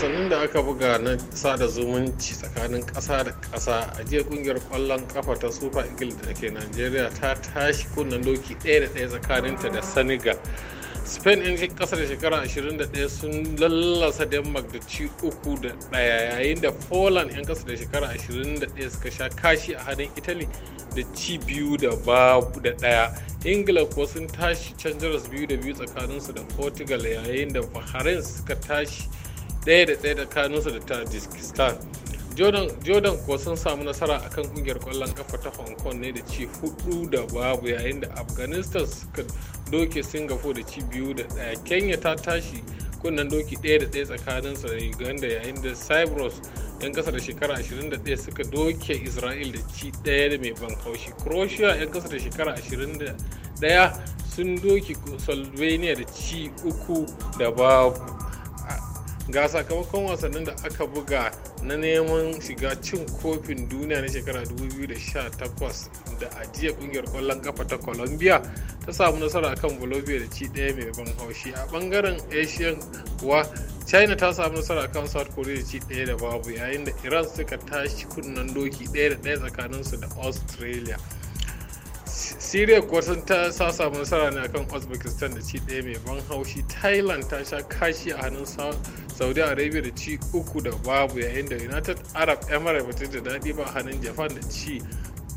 wasannin da aka buga na sada zumunci tsakanin ƙasa da ƙasa a jiya kungiyar ƙwallon kafa ta super eagles da ke nigeria ta tashi kunnen doki ɗaya da ɗaya tsakaninta da senegal spain in kasar shekara 21 sun lallasa denmark da ci uku da daya yayin da poland yan kasar da shekara 21 suka sha kashi a hannun italy da ci biyu da babu da daya ingila kuwa sun tashi canjaras biyu da biyu tsakaninsu da portugal yayin da bahrain suka tashi daya da daya da kanunsa da tajikistan jordan ko sun samu nasara akan kungiyar kwallon kafa ta hong kong ne da ci hudu da babu yayin da afghanistan suka doke singapore da ci biyu da daya kenya ta tashi kunnen doki daya da tsakanin tsakaninsa da uganda yayin da cyprus yan kasa da shekara 21 suka doke israel da ci daya da mai ban haushi croatia yan kasa da shekara 21 sun doki slovenia da ci uku da babu ga sakamakon wasannin da aka buga na neman shiga cin kofin duniya na shekara 2018 da ajiya kungiyar kwallon kafa ta colombia ta samu nasara akan bolivia da ci daya mai ban haushi a bangaren asia kuwa china ta samu nasara akan south korea da ci daya da babu yayin da iran suka tashi kunnen doki daya da daya su da australia syria kuwa sun ta samu nasara ne akan uzbekistan da ci daya mai ban haushi thailand ta sha kashi a hannun saudi arabia da ci uku da babu yayin da united arab emirates ta da daɗi ba hannun japan da ci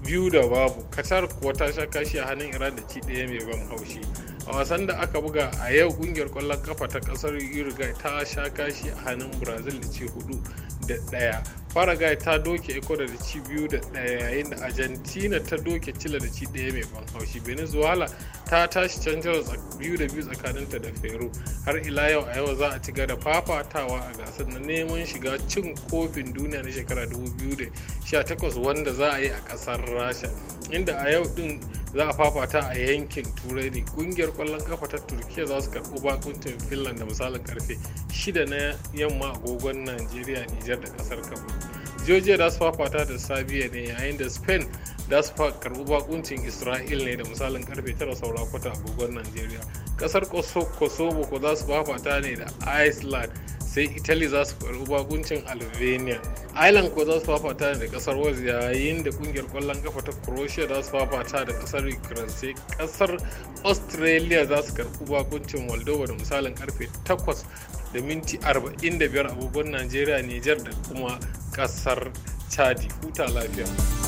biyu da babu kasar kuwa ta sha kashi a hannun iran da ci ɗaya mai ban haushi a wasan da aka buga a yau kungiyar kwallon kafa ta kasar uruguay ta sha kashi a hannun brazil da ci hudu da ɗaya faragay ta doke ecuador da ci biyu da ɗaya yayin da argentina ta doke chile da ci ɗaya mai ban haushi venezuela ta tashi canjar biyu da biyu tsakaninta da peru har ila yau a yau za a ci da fafatawa a gasar na neman shiga cin kofin duniya na shekara 2018 wanda za a yi a ƙasar rasha inda a yau din za a fafata a yankin turai ne kungiyar kwallon kafa ta turkiya za su karɓi bakuncin finland da misalin karfe 6 na yamma agogon najeriya nijar da kasar kamaru georgia za su fafata da sabiya ne yayin da spain da su karɓi bakuncin isra'il ne da misalin karfe 9 saura kwata agogon najeriya kasar kosovo ko za su fafata ne da iceland sai italy za su karɓi bakuncin albania ireland ko za su fafata da kasar wales yayin da kungiyar kwallon kafa ta croatia za su fafata da kasar ukraine sai kasar australia za su karɓi bakuncin moldova da misalin karfe 8 da minti 45 agogon nigeria niger da kuma kasar chadi huta lafiya